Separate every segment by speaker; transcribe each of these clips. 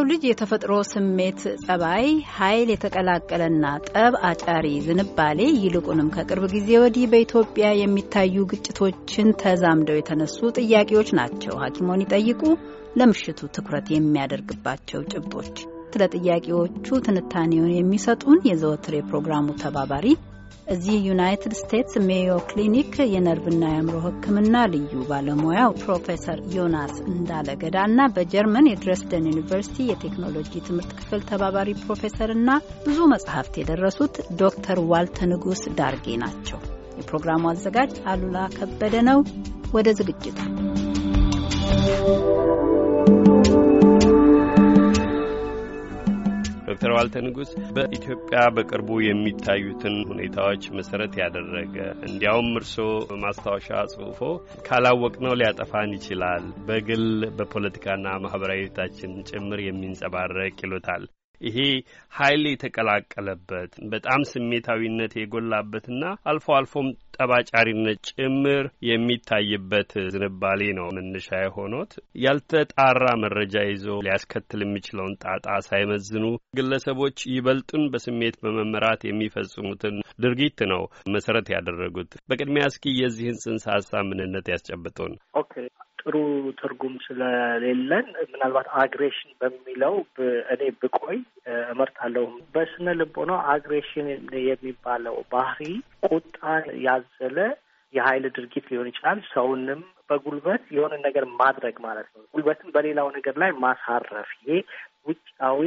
Speaker 1: የሰው ልጅ የተፈጥሮ ስሜት ጸባይ ኃይል የተቀላቀለና ጠብ አጫሪ ዝንባሌ ይልቁንም ከቅርብ ጊዜ ወዲህ በኢትዮጵያ የሚታዩ ግጭቶችን ተዛምደው የተነሱ ጥያቄዎች ናቸው። ሐኪሞን ይጠይቁ ለምሽቱ ትኩረት የሚያደርግባቸው ጭብጦች። ስለ ጥያቄዎቹ ትንታኔውን የሚሰጡን የዘወትር የፕሮግራሙ ተባባሪ እዚህ ዩናይትድ ስቴትስ ሜዮ ክሊኒክ የነርቭና የአእምሮ ሕክምና ልዩ ባለሙያው ፕሮፌሰር ዮናስ እንዳለ እና በጀርመን የድረስደን ዩኒቨርሲቲ የቴክኖሎጂ ትምህርት ክፍል ተባባሪ ፕሮፌሰር እና ብዙ መጽሐፍት የደረሱት ዶክተር ዋልተ ንጉስ ዳርጌ ናቸው። የፕሮግራሙ አዘጋጅ አሉላ ከበደ ነው። ወደ ዝግጅቱ
Speaker 2: ዶክተር ዋልተ ንጉስ በኢትዮጵያ በቅርቡ የሚታዩትን ሁኔታዎች መሰረት ያደረገ እንዲያውም እርስዎ ማስታወሻ ጽሁፎ ካላወቅነው ሊያጠፋን ይችላል በግል በፖለቲካና ማህበራዊ ታችን ጭምር የሚንጸባረቅ ይሉታል። ይሄ ኃይል የተቀላቀለበት በጣም ስሜታዊነት የጎላበትና አልፎ አልፎም ጠባጫሪነት ጭምር የሚታይበት ዝንባሌ ነው መነሻ የሆኖት ያልተጣራ መረጃ ይዞ ሊያስከትል የሚችለውን ጣጣ ሳይመዝኑ ግለሰቦች ይበልጡን በስሜት በመመራት የሚፈጽሙትን ድርጊት ነው መሰረት ያደረጉት። በቅድሚያ እስኪ የዚህን ጽንሰ ሀሳብ ምንነት ያስጨብጡን።
Speaker 3: ኦኬ ጥሩ ትርጉም ስለሌለን ምናልባት አግሬሽን በሚለው እኔ ብቆይ እመርጣለሁ። በስነ ልቦና አግሬሽን የሚባለው ባህሪ ቁጣን ያዘለ የኃይል ድርጊት ሊሆን ይችላል። ሰውንም በጉልበት የሆነ ነገር ማድረግ ማለት ነው። ጉልበትን በሌላው ነገር ላይ ማሳረፍ፣ ይሄ ውጫዊ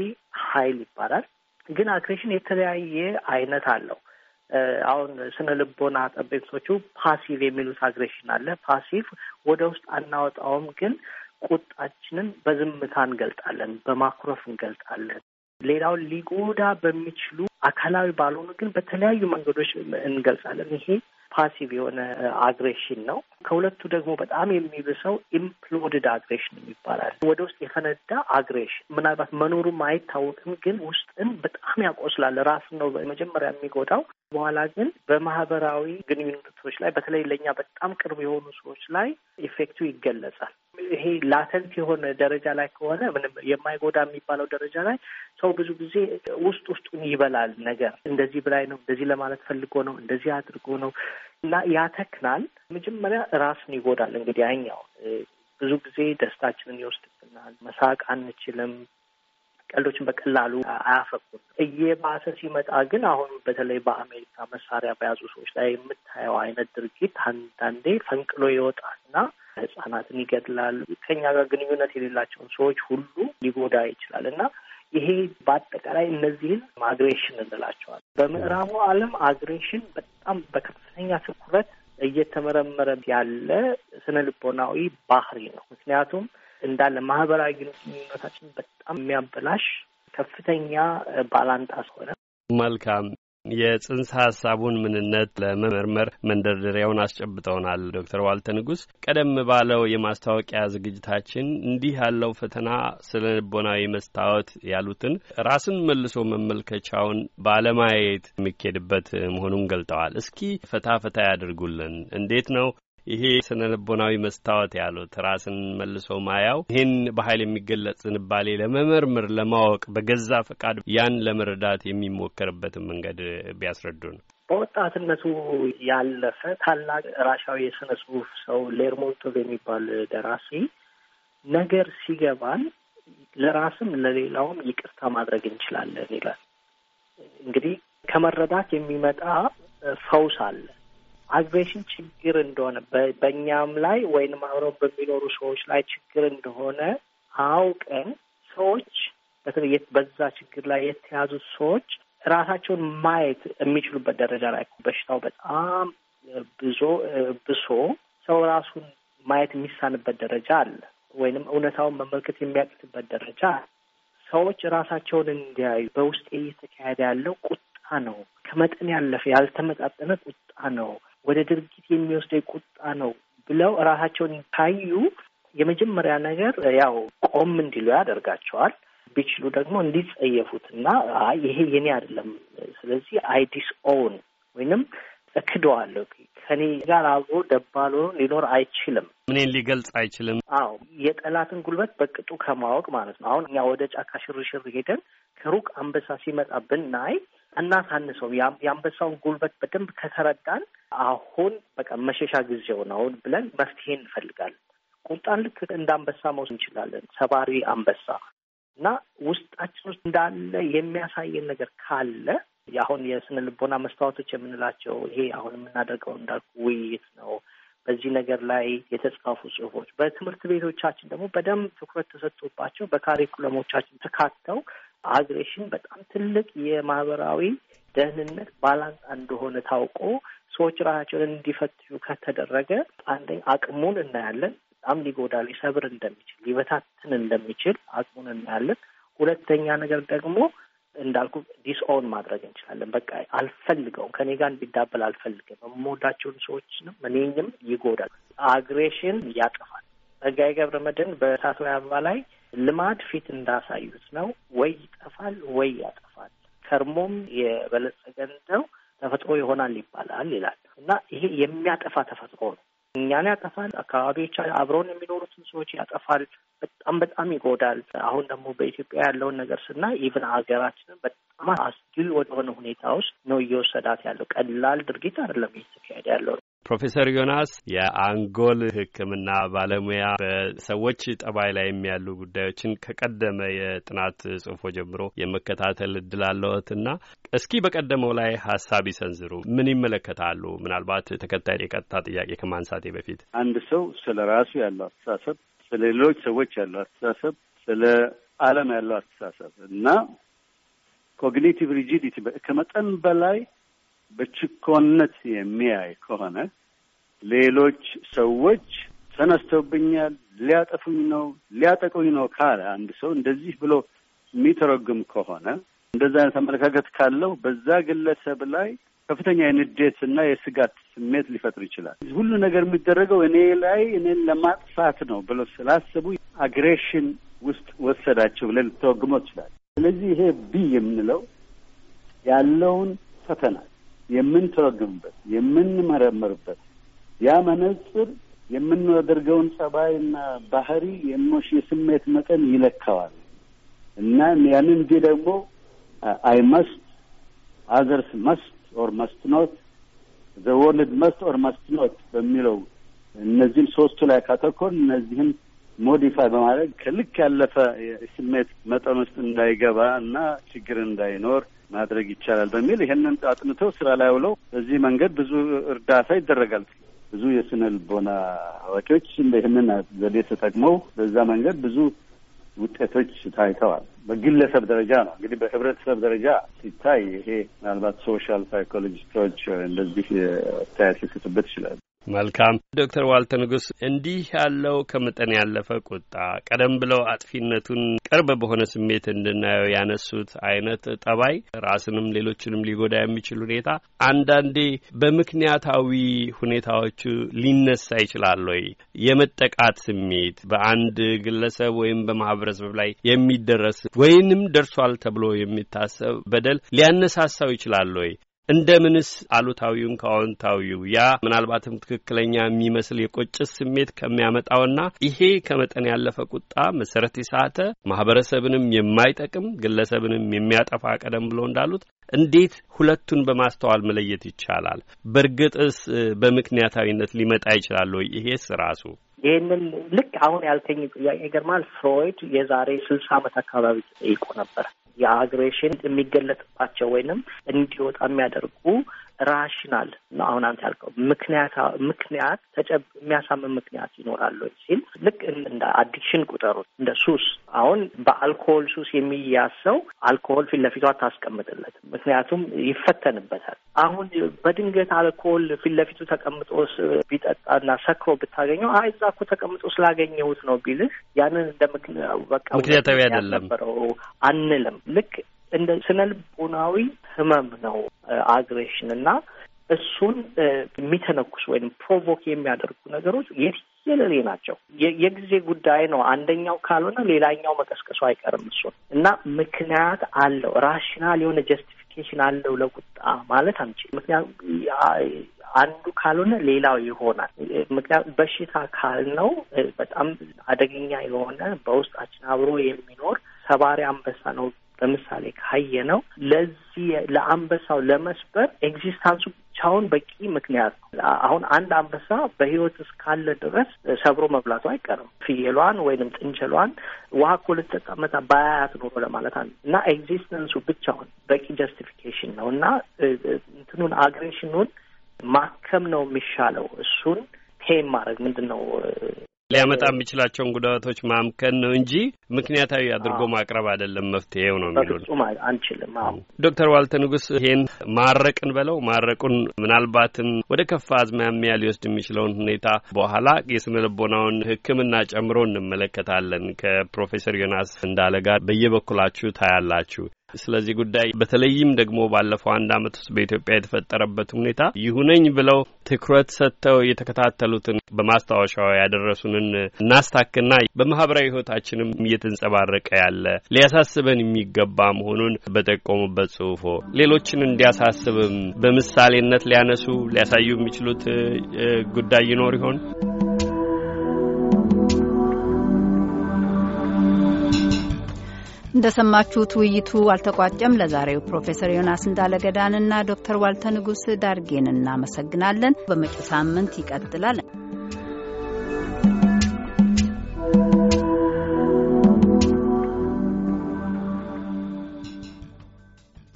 Speaker 3: ኃይል ይባላል። ግን አግሬሽን የተለያየ አይነት አለው። አሁን ስነ ልቦና ጠበብቶቹ ፓሲቭ የሚሉት አግሬሽን አለ። ፓሲቭ ወደ ውስጥ አናወጣውም፣ ግን ቁጣችንን በዝምታ እንገልጣለን፣ በማኩረፍ እንገልጣለን። ሌላውን ሊጎዳ በሚችሉ አካላዊ ባልሆኑ ግን በተለያዩ መንገዶች እንገልጻለን። ይሄ ፓሲቭ የሆነ አግሬሽን ነው። ከሁለቱ ደግሞ በጣም የሚብሰው ኢምፕሎድድ አግሬሽን ይባላል። ወደ ውስጥ የፈነዳ አግሬሽን ምናልባት መኖሩም አይታወቅም፣ ግን ውስጥን በጣም ያቆስላል። ራስን ነው መጀመሪያ የሚጎዳው። በኋላ ግን በማህበራዊ ግንኙነቶች ላይ በተለይ ለእኛ በጣም ቅርብ የሆኑ ሰዎች ላይ ኢፌክቱ ይገለጻል። ይሄ ላተንት የሆነ ደረጃ ላይ ከሆነ ምንም የማይጎዳ የሚባለው ደረጃ ላይ ሰው ብዙ ጊዜ ውስጥ ውስጡን ይበላል። ነገር እንደዚህ ብላይ ነው፣ እንደዚህ ለማለት ፈልጎ ነው፣ እንደዚህ አድርጎ ነው እና ያተክናል። መጀመሪያ ራስን ይጎዳል። እንግዲህ አኛው ብዙ ጊዜ ደስታችንን ይወስድብናል። መሳቅ አንችልም። ቀልዶችን በቀላሉ አያፈቁም። እየባሰ ሲመጣ ግን አሁን በተለይ በአሜሪካ መሳሪያ በያዙ ሰዎች ላይ የምታየው አይነት ድርጊት አንዳንዴ ፈንቅሎ ይወጣና ህጻናትን ይገድላል። ከኛ ጋር ግንኙነት የሌላቸውን ሰዎች ሁሉ ሊጎዳ ይችላል እና ይሄ በአጠቃላይ እነዚህን አግሬሽን እንላቸዋል። በምዕራቡ ዓለም አግሬሽን በጣም በከፍተኛ ትኩረት እየተመረመረ ያለ ስነ ልቦናዊ ባህሪ ነው። ምክንያቱም እንዳለ ማህበራዊ ግንኙነታችን በጣም የሚያበላሽ ከፍተኛ ባላንጣ ሆነ።
Speaker 2: መልካም የጽንሰ ሀሳቡን ምንነት ለመመርመር መንደርደሪያውን አስጨብጠውናል ዶክተር ዋልተ ንጉስ። ቀደም ባለው የማስታወቂያ ዝግጅታችን እንዲህ ያለው ፈተና ስለ ልቦናዊ መስታወት ያሉትን ራስን መልሶ መመልከቻውን ባለማየት የሚኬድበት መሆኑን ገልጠዋል። እስኪ ፈታ ፈታ ያደርጉልን። እንዴት ነው ይሄ ስነ ልቦናዊ መስታወት ያሉት ራስን መልሶ ማያው ይህን በኃይል የሚገለጽ ዝንባሌ ለመመርመር ለማወቅ በገዛ ፈቃድ ያን ለመረዳት የሚሞከርበትን መንገድ ቢያስረዱ ነው።
Speaker 3: በወጣትነቱ ያለፈ ታላቅ ራሻዊ የስነ ጽሁፍ ሰው ሌርሞንቶቭ የሚባል ደራሲ ነገር ሲገባን ለራስም ለሌላውም ይቅርታ ማድረግ እንችላለን ይላል። እንግዲህ ከመረዳት የሚመጣ ፈውስ አለ። አግሬሽን ችግር እንደሆነ በእኛም ላይ ወይንም አብረው በሚኖሩ ሰዎች ላይ ችግር እንደሆነ አውቀን ሰዎች በተለይ በዛ ችግር ላይ የተያዙ ሰዎች ራሳቸውን ማየት የሚችሉበት ደረጃ ላይ በሽታው በጣም ብዞ ብሶ ሰው ራሱን ማየት የሚሳንበት ደረጃ አለ፣ ወይንም እውነታውን መመልከት የሚያቅትበት ደረጃ ሰዎች ራሳቸውን እንዲያዩ በውስጤ እየተካሄደ ያለው ቁጣ ነው፣ ከመጠን ያለፈ ያልተመጣጠነ ቁጣ ነው፣ ወደ ድርጊት የሚወስደ ቁጣ ነው ብለው ራሳቸውን ካዩ የመጀመሪያ ነገር ያው ቆም እንዲሉ ያደርጋቸዋል። ቢችሉ ደግሞ እንዲጸየፉት እና ይሄ የኔ አይደለም፣ ስለዚህ አይ ኦን ወይንም እክደዋለሁ ከኔ ጋር አብሮ ደባሎ ሊኖር አይችልም።
Speaker 2: ምኔን ሊገልጽ አይችልም።
Speaker 3: አዎ የጠላትን ጉልበት በቅጡ ከማወቅ ማለት ነው። አሁን እኛ ወደ ጫካ ሽርሽር ሄደን ከሩቅ አንበሳ ሲመጣ ብናይ እናሳንሰው። የአንበሳውን ጉልበት በደንብ ከተረዳን አሁን በቃ መሸሻ ጊዜው ነው ብለን መፍትሄ እንፈልጋለን። ቁጣን ልክ እንደ አንበሳ መውሰድ እንችላለን። ሰባሪ አንበሳ እና ውስጣችን ውስጥ እንዳለ የሚያሳየን ነገር ካለ አሁን የስነ ልቦና መስታወቶች የምንላቸው ይሄ አሁን የምናደርገው እንዳልኩ ውይይት ነው። በዚህ ነገር ላይ የተጻፉ ጽሁፎች በትምህርት ቤቶቻችን ደግሞ በደንብ ትኩረት ተሰጥቶባቸው በካሪኩለሞቻችን ተካተው አግሬሽን በጣም ትልቅ የማህበራዊ ደህንነት ባላንስ እንደሆነ ታውቆ ሰዎች ራሳቸውን እንዲፈትሹ ከተደረገ አንደኛ አቅሙን እናያለን። በጣም ሊጎዳ ሊሰብር እንደሚችል ሊበታትን እንደሚችል አቅሙን እናያለን። ሁለተኛ ነገር ደግሞ እንዳልኩ ዲስኦን ማድረግ እንችላለን። በቃ አልፈልገውም፣ ከኔ ጋር እንዲዳበል አልፈልግም። የምወዳቸውን ሰዎችንም እኔንም ይጎዳል። አግሬሽን ያጠፋል። ጸጋዬ ገብረ መድኅን በእሳት አበባ ላይ ልማድ ፊት እንዳሳዩት ነው ወይ ይጠፋል ወይ ያጠፋል። ከርሞም የበለጸገ ነው ተፈጥሮ ይሆናል ይባላል ይላል እና ይሄ የሚያጠፋ ተፈጥሮ ነው። እኛን ያጠፋል፣ አካባቢዎች አብረውን የሚኖሩትን ሰዎች ያጠፋል። በጣም በጣም ይጎዳል። አሁን ደግሞ በኢትዮጵያ ያለውን ነገር ስናይ ኢቨን ሀገራችንን በጣም አስጊ ወደሆነ ሁኔታ ውስጥ ነው እየወሰዳት ያለው። ቀላል ድርጊት አይደለም
Speaker 2: እየተካሄደ ያለው። ፕሮፌሰር ዮናስ የአንጎል ሕክምና ባለሙያ በሰዎች ጠባይ ላይ የሚያሉ ጉዳዮችን ከቀደመ የጥናት ጽሁፎ ጀምሮ የመከታተል እድል አለዎትና እስኪ በቀደመው ላይ ሀሳብ ይሰንዝሩ። ምን ይመለከታሉ? ምናልባት ተከታይ የቀጥታ ጥያቄ ከማንሳቴ በፊት
Speaker 4: አንድ ሰው ስለ ራሱ ያለው አስተሳሰብ፣ ስለ ሌሎች ሰዎች ያለው አስተሳሰብ፣ ስለ ዓለም ያለው አስተሳሰብ እና ኮግኒቲቭ ሪጂዲቲ ከመጠን በላይ በችኮነት የሚያይ ከሆነ ሌሎች ሰዎች ተነስተውብኛል፣ ሊያጠፉኝ ነው፣ ሊያጠቁኝ ነው ካለ አንድ ሰው እንደዚህ ብሎ የሚተረጉም ከሆነ እንደዚህ አይነት አመለካከት ካለው በዛ ግለሰብ ላይ ከፍተኛ የንዴት እና የስጋት ስሜት ሊፈጥር ይችላል። ሁሉ ነገር የሚደረገው እኔ ላይ እኔን ለማጥፋት ነው ብሎ ስላሰቡ አግሬሽን ውስጥ ወሰዳቸው ብለን ልተወግሞ ይችላል። ስለዚህ ይሄ ቢ የምንለው ያለውን ፈተና የምንተረጉምበት፣ የምንመረምርበት ያ መነጽር የምናደርገውን ጸባይና ባህሪ የሞሽ የስሜት መጠን ይለካዋል እና ያንን እንጂ ደግሞ አይ መስት አዘርስ መስት ኦር መስት ኖት ዘ ወርልድ መስት ኦር መስት ኖት በሚለው እነዚህም ሶስቱ ላይ ካተኮር እነዚህም ሞዲፋይ በማድረግ ከልክ ያለፈ ስሜት መጠን ውስጥ እንዳይገባ እና ችግር እንዳይኖር ማድረግ ይቻላል በሚል ይህንን አጥንተው ስራ ላይ ውለው በዚህ መንገድ ብዙ እርዳታ ይደረጋል። ብዙ የስነ ልቦና አዋቂዎች ይህንን ዘዴ ተጠቅመው በዛ መንገድ ብዙ ውጤቶች ታይተዋል። በግለሰብ ደረጃ ነው እንግዲህ፣ በህብረተሰብ ደረጃ ሲታይ ይሄ ምናልባት ሶሻል ሳይኮሎጂስቶች እንደዚህ አስተያየት ሊሰጡበት ይችላል።
Speaker 2: መልካም ዶክተር ዋልተ ንጉስ እንዲህ ያለው ከመጠን ያለፈ ቁጣ ቀደም ብለው አጥፊነቱን ቅርብ በሆነ ስሜት እንድናየው ያነሱት አይነት ጠባይ ራስንም ሌሎችንም ሊጎዳ የሚችል ሁኔታ አንዳንዴ በምክንያታዊ ሁኔታዎቹ ሊነሳ ይችላል ወይ? የመጠቃት ስሜት በአንድ ግለሰብ ወይም በማህበረሰብ ላይ የሚደረስ ወይንም ደርሷል ተብሎ የሚታሰብ በደል ሊያነሳሳው ይችላል ወይ? እንደምንስ አሉታዊውን ከአዎንታዊው ያ ምናልባትም ትክክለኛ የሚመስል የቆጭስ ስሜት ከሚያመጣውና ይሄ ከመጠን ያለፈ ቁጣ መሰረት የሳተ ማህበረሰብንም የማይጠቅም ግለሰብንም የሚያጠፋ ቀደም ብሎ እንዳሉት እንዴት ሁለቱን በማስተዋል መለየት ይቻላል? በእርግጥስ በምክንያታዊነት ሊመጣ ይችላል ወይ? ይሄስ ራሱ
Speaker 3: ይህንን ልክ አሁን ያልከኝ ጥያቄ ገርማል ፍሮይድ የዛሬ ስልሳ ዓመት አካባቢ ጠይቆ ነበር። የአግሬሽን የሚገለጥባቸው ወይንም እንዲወጣ የሚያደርጉ ራሽናል ነው። አሁን አንተ ያልከው ምክንያት ምክንያት ተጨብ የሚያሳምን ምክንያት ይኖራል ሲል ልክ እንደ አዲክሽን ቁጠሩት፣ እንደ ሱስ። አሁን በአልኮሆል ሱስ የሚያዝ ሰው አልኮሆል ፊት ለፊቱ አታስቀምጥለት፣ ምክንያቱም ይፈተንበታል። አሁን በድንገት አልኮሆል ፊት ለፊቱ ተቀምጦ ቢጠጣና ሰክሮ ብታገኘው አይ እዛ እኮ ተቀምጦ ስላገኘሁት ነው ቢልህ ያንን እንደ ምክንያት ምክንያታዊ አይደለም አንልም። ልክ እንደ ስነ ልቦናዊ ህመም ነው አግሬሽን እና እሱን የሚተነኩስ ወይም ፕሮቮክ የሚያደርጉ ነገሮች የትየለሌ ናቸው። የጊዜ ጉዳይ ነው። አንደኛው ካልሆነ ሌላኛው መቀስቀሱ አይቀርም። እሱን እና ምክንያት አለው ራሽናል የሆነ ጀስቲፊኬሽን አለው ለቁጣ ማለት አንችል። ምክንያቱ አንዱ ካልሆነ ሌላው ይሆናል። ምክንያቱ በሽታ ካልነው በጣም አደገኛ የሆነ በውስጣችን አብሮ የሚኖር ሰባሪ አንበሳ ነው ለምሳሌ ካየ ነው ለዚህ ለአንበሳው ለመስበር ኤግዚስታንሱ ብቻውን በቂ ምክንያት ነው። አሁን አንድ አንበሳ በህይወት እስካለ ድረስ ሰብሮ መብላቱ አይቀርም። ፍየሏን ወይንም ጥንቸሏን ውሃ እኮ ልትጠቀመታ ባያያት ኖሮ ለማለት አለ እና ኤግዚስተንሱ ብቻውን በቂ ጀስቲፊኬሽን ነው እና እንትኑን አግሬሽኑን ማከም ነው የሚሻለው እሱን ቴም ማድረግ ምንድን ነው
Speaker 2: ሊያመጣ የሚችላቸውን ጉዳቶች ማምከን ነው እንጂ ምክንያታዊ አድርጎ ማቅረብ አይደለም መፍትሄው ነው የሚሉት አንችልም። ዶክተር ዋልተ ንጉስ ይሄን ማረቅን በለው ማረቁን ምናልባትም ወደ ከፋ አዝማሚያ ሊወስድ የሚችለውን ሁኔታ በኋላ የስነ ልቦናውን ሕክምና ጨምሮ እንመለከታለን። ከፕሮፌሰር ዮናስ እንዳለ ጋር በየበኩላችሁ ታያላችሁ። ስለዚህ ጉዳይ በተለይም ደግሞ ባለፈው አንድ አመት ውስጥ በኢትዮጵያ የተፈጠረበት ሁኔታ ይሁነኝ ብለው ትኩረት ሰጥተው የተከታተሉትን በማስታወሻው ያደረሱንን እናስታክና በማህበራዊ ህይወታችንም እየተንጸባረቀ ያለ ሊያሳስበን የሚገባ መሆኑን በጠቆሙበት ጽሁፎ ሌሎችን እንዲያሳስብም በምሳሌነት ሊያነሱ ሊያሳዩ የሚችሉት ጉዳይ ይኖር ይሆን?
Speaker 1: እንደሰማችሁት ውይይቱ አልተቋጨም። ለዛሬው ፕሮፌሰር ዮናስ እንዳለገዳንና ዶክተር ዋልተ ንጉስ ዳርጌን እናመሰግናለን። በመጪው ሳምንት ይቀጥላል።